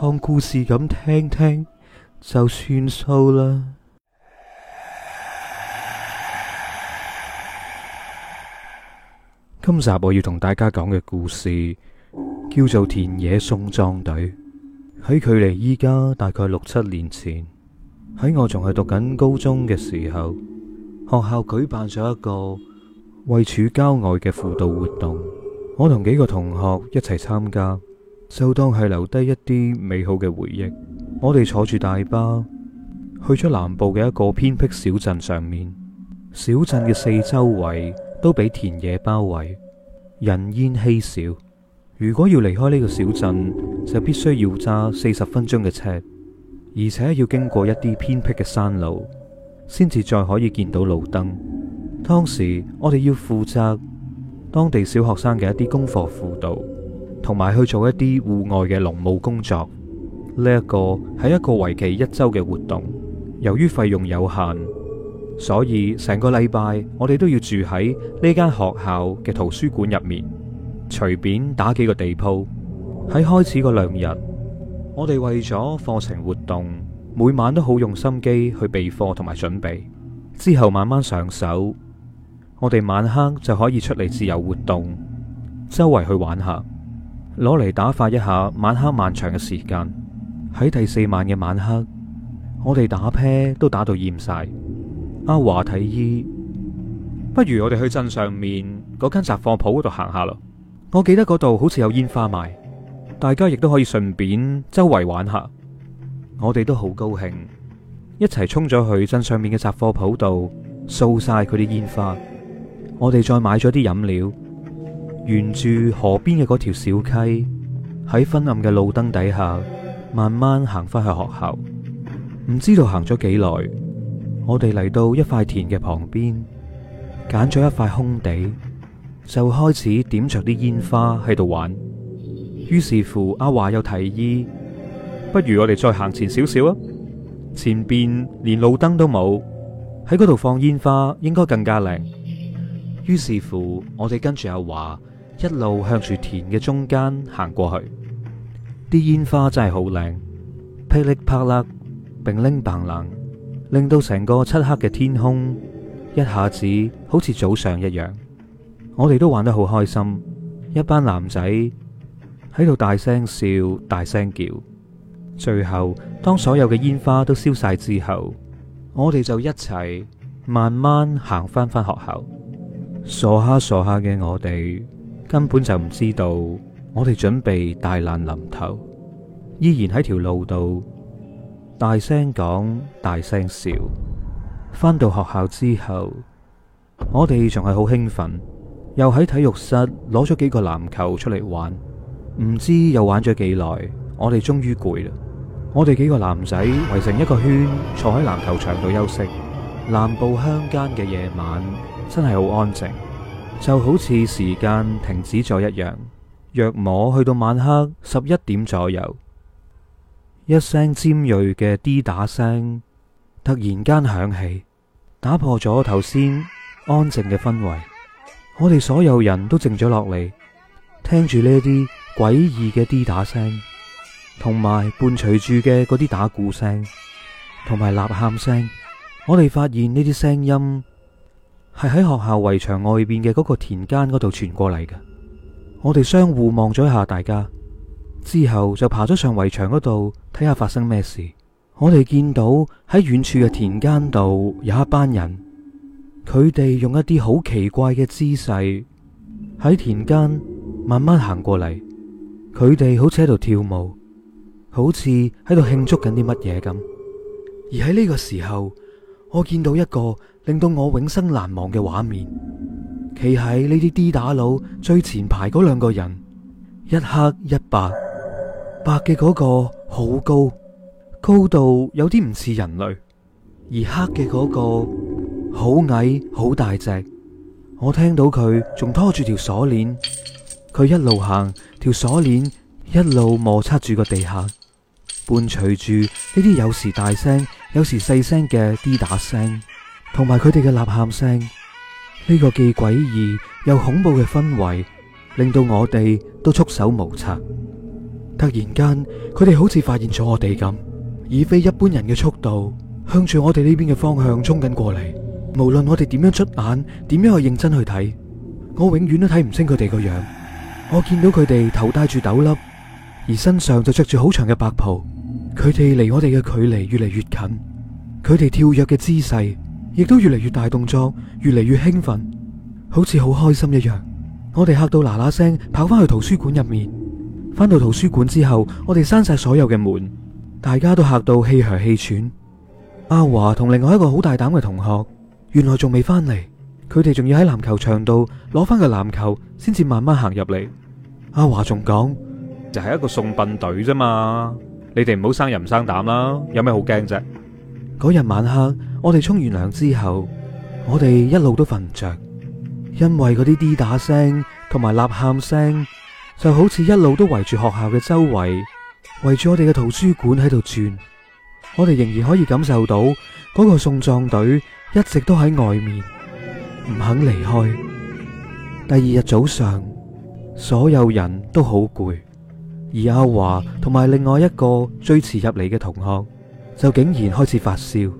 當故事咁聽聽就算數啦。今集我要同大家講嘅故事叫做《田野送葬隊》。喺距離依家大概六七年前，喺我仲係讀緊高中嘅時候，學校舉辦咗一個位處郊外嘅輔導活動，我同幾個同學一齊參加。就當係留低一啲美好嘅回憶。我哋坐住大巴去咗南部嘅一個偏僻小鎮上面。小鎮嘅四周圍都俾田野包圍，人煙稀少。如果要離開呢個小鎮，就必須要揸四十分鐘嘅車，而且要經過一啲偏僻嘅山路，先至再可以再見到路燈。當時我哋要負責當地小學生嘅一啲功課輔導。同埋去做一啲戶外嘅農務工作，呢一個係一個為期一周嘅活動。由於費用有限，所以成個禮拜我哋都要住喺呢間學校嘅圖書館入面，隨便打幾個地鋪。喺開始嗰兩日，我哋為咗課程活動，每晚都好用心機去備課同埋準備。之後慢慢上手，我哋晚黑就可以出嚟自由活動，周圍去玩下。攞嚟打發一下晚黑漫長嘅時間。喺第四晚嘅晚黑，我哋打啤都打到厭晒。阿華提議，不如我哋去鎮上面嗰間雜貨鋪度行下咯。我記得嗰度好似有煙花賣，大家亦都可以順便周圍玩下。我哋都好高興，一齊衝咗去鎮上面嘅雜貨鋪度掃晒佢啲煙花。我哋再買咗啲飲料。沿住河邊嘅嗰條小溪，喺昏暗嘅路燈底下，慢慢行翻去學校。唔知道行咗幾耐，我哋嚟到一塊田嘅旁邊，揀咗一塊空地，就開始點着啲煙花喺度玩。於是乎，阿華又提議，不如我哋再行前少少啊！前邊連路燈都冇，喺嗰度放煙花應該更加靚。於是乎，我哋跟住阿華。一路向住田嘅中間行過去，啲煙花真係好靚，噼裏啪啦並拎嘭冷，令到成個漆黑嘅天空一下子好似早上一樣。我哋都玩得好開心，一班男仔喺度大聲笑，大聲叫。最後，當所有嘅煙花都消晒之後，我哋就一齊慢慢行翻翻學校。傻下傻下嘅我哋，根本就唔知道，我哋準備大難臨頭，依然喺條路度大聲講、大聲笑。返到學校之後，我哋仲係好興奮，又喺體育室攞咗幾個籃球出嚟玩。唔知又玩咗幾耐，我哋終於攰啦。我哋幾個男仔圍成一個圈，坐喺籃球場度休息。南部鄉間嘅夜晚真係好安靜。就好似時間停止咗一樣，約莫去到晚黑十一點左右，一聲尖銳嘅滴打聲突然間響起，打破咗頭先安靜嘅氛圍。我哋所有人都靜咗落嚟，聽住呢啲詭異嘅滴打聲，同埋伴隨住嘅嗰啲打鼓聲同埋吶喊聲。我哋發現呢啲聲音。係喺學校圍牆外邊嘅嗰個田間嗰度傳過嚟嘅。我哋相互望咗一下大家，之後就爬咗上圍牆嗰度睇下發生咩事。我哋見到喺遠處嘅田間度有一班人，佢哋用一啲好奇怪嘅姿勢喺田間慢慢行過嚟，佢哋好似喺度跳舞，好似喺度慶祝緊啲乜嘢咁。而喺呢個時候。我見到一個令到我永生難忘嘅畫面，企喺呢啲 D 打佬最前排嗰兩個人，一黑一白，白嘅嗰個好高，高度有啲唔似人類，而黑嘅嗰個好矮好大隻。我聽到佢仲拖住條鎖鏈，佢一路行，條鎖鏈一路摩擦住個地下，伴隨住呢啲有時大聲。有時細聲嘅滴打聲，同埋佢哋嘅吶喊聲，呢、這個既詭異又恐怖嘅氛圍，令到我哋都束手無策。突然間，佢哋好似發現咗我哋咁，以非一般人嘅速度，向住我哋呢邊嘅方向衝緊過嚟。無論我哋點樣出眼，點樣去認真去睇，我永遠都睇唔清佢哋個樣。我見到佢哋頭戴住斗笠，而身上就着住好長嘅白袍。佢哋離我哋嘅距離越嚟越近，佢哋跳躍嘅姿勢亦都越嚟越大，動作越嚟越興奮，好似好開心一樣。我哋吓到嗱嗱聲，跑翻去圖書館入面。翻到圖書館之後，我哋閂晒所有嘅門，大家都吓到氣餒氣喘。阿華同另外一個好大膽嘅同學，原來仲未翻嚟，佢哋仲要喺籃球場度攞翻個籃球，先至慢慢行入嚟。阿華仲講，就係一個送殯隊啫嘛。你哋唔好生人唔生膽啦，有咩好驚啫？嗰日晚黑，我哋沖完涼之後，我哋一路都瞓唔着，因為嗰啲滴打聲同埋吶喊聲，就好似一路都圍住學校嘅周圍，圍住我哋嘅圖書館喺度轉。我哋仍然可以感受到嗰個送葬隊一直都喺外面，唔肯離開。第二日早上，所有人都好攰。而阿華同埋另外一個最遲入嚟嘅同學，就竟然開始發燒，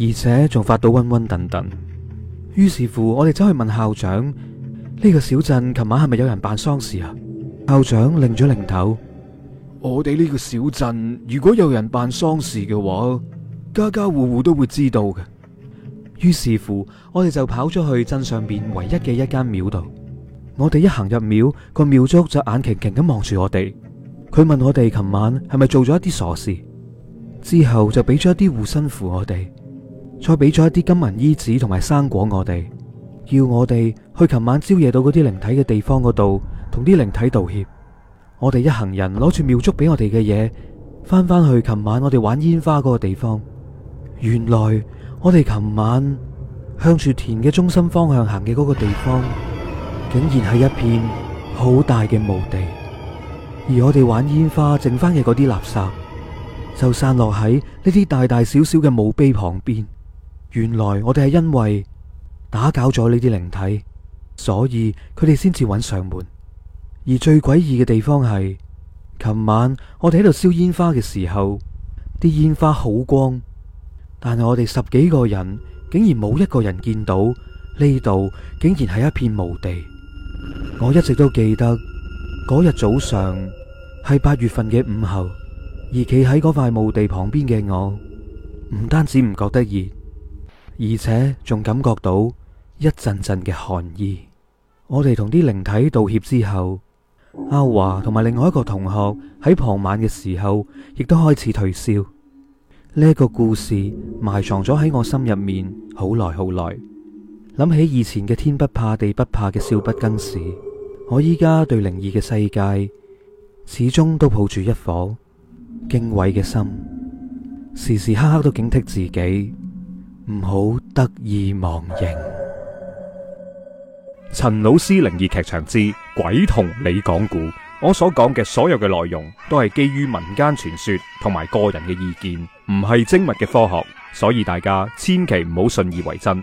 而且仲發到瘟瘟沌沌。於是乎，我哋走去問校長：呢個小鎮琴晚係咪有人辦喪事啊？校長擰咗擰頭：我哋呢個小鎮，如果有人辦喪事嘅話，家家戶戶都會知道嘅。於是乎，我哋就跑咗去鎮上邊唯一嘅一間廟度。我哋一行入廟，個廟祝就眼擎擎咁望住我哋。佢問我哋琴晚係咪做咗一啲傻事，之後就俾咗一啲護身符我哋，再俾咗一啲金銀衣紙同埋生果我哋，要我哋去琴晚招惹到嗰啲靈體嘅地方嗰度，同啲靈體道歉。我哋一行人攞住廟祝俾我哋嘅嘢，翻返去琴晚我哋玩煙花嗰個地方。原來我哋琴晚向住田嘅中心方向行嘅嗰個地方。竟然係一片好大嘅墓地，而我哋玩煙花剩翻嘅嗰啲垃圾，就散落喺呢啲大大小小嘅墓碑旁邊。原來我哋係因為打攪咗呢啲靈體，所以佢哋先至揾上門。而最詭異嘅地方係，琴晚我哋喺度燒煙花嘅時候，啲煙花好光，但係我哋十幾個人竟然冇一個人見到，呢度竟然係一片墓地。我一直都記得嗰日早上係八月份嘅午後，而企喺嗰塊墓地旁邊嘅我，唔單止唔覺得熱，而且仲感覺到一陣陣嘅寒意。我哋同啲靈體道歉之後，阿華同埋另外一個同學喺傍晚嘅時候亦都開始退燒。呢個故事埋藏咗喺我心入面好耐好耐。諗起以前嘅天不怕地不怕嘅少不更事，我依家對靈異嘅世界始終都抱住一顆敬畏嘅心，時時刻刻都警惕自己唔好得意忘形。陳老師靈異劇場之鬼同你講故，我所講嘅所有嘅內容都係基於民間傳說同埋個人嘅意見，唔係精密嘅科學，所以大家千祈唔好信以為真。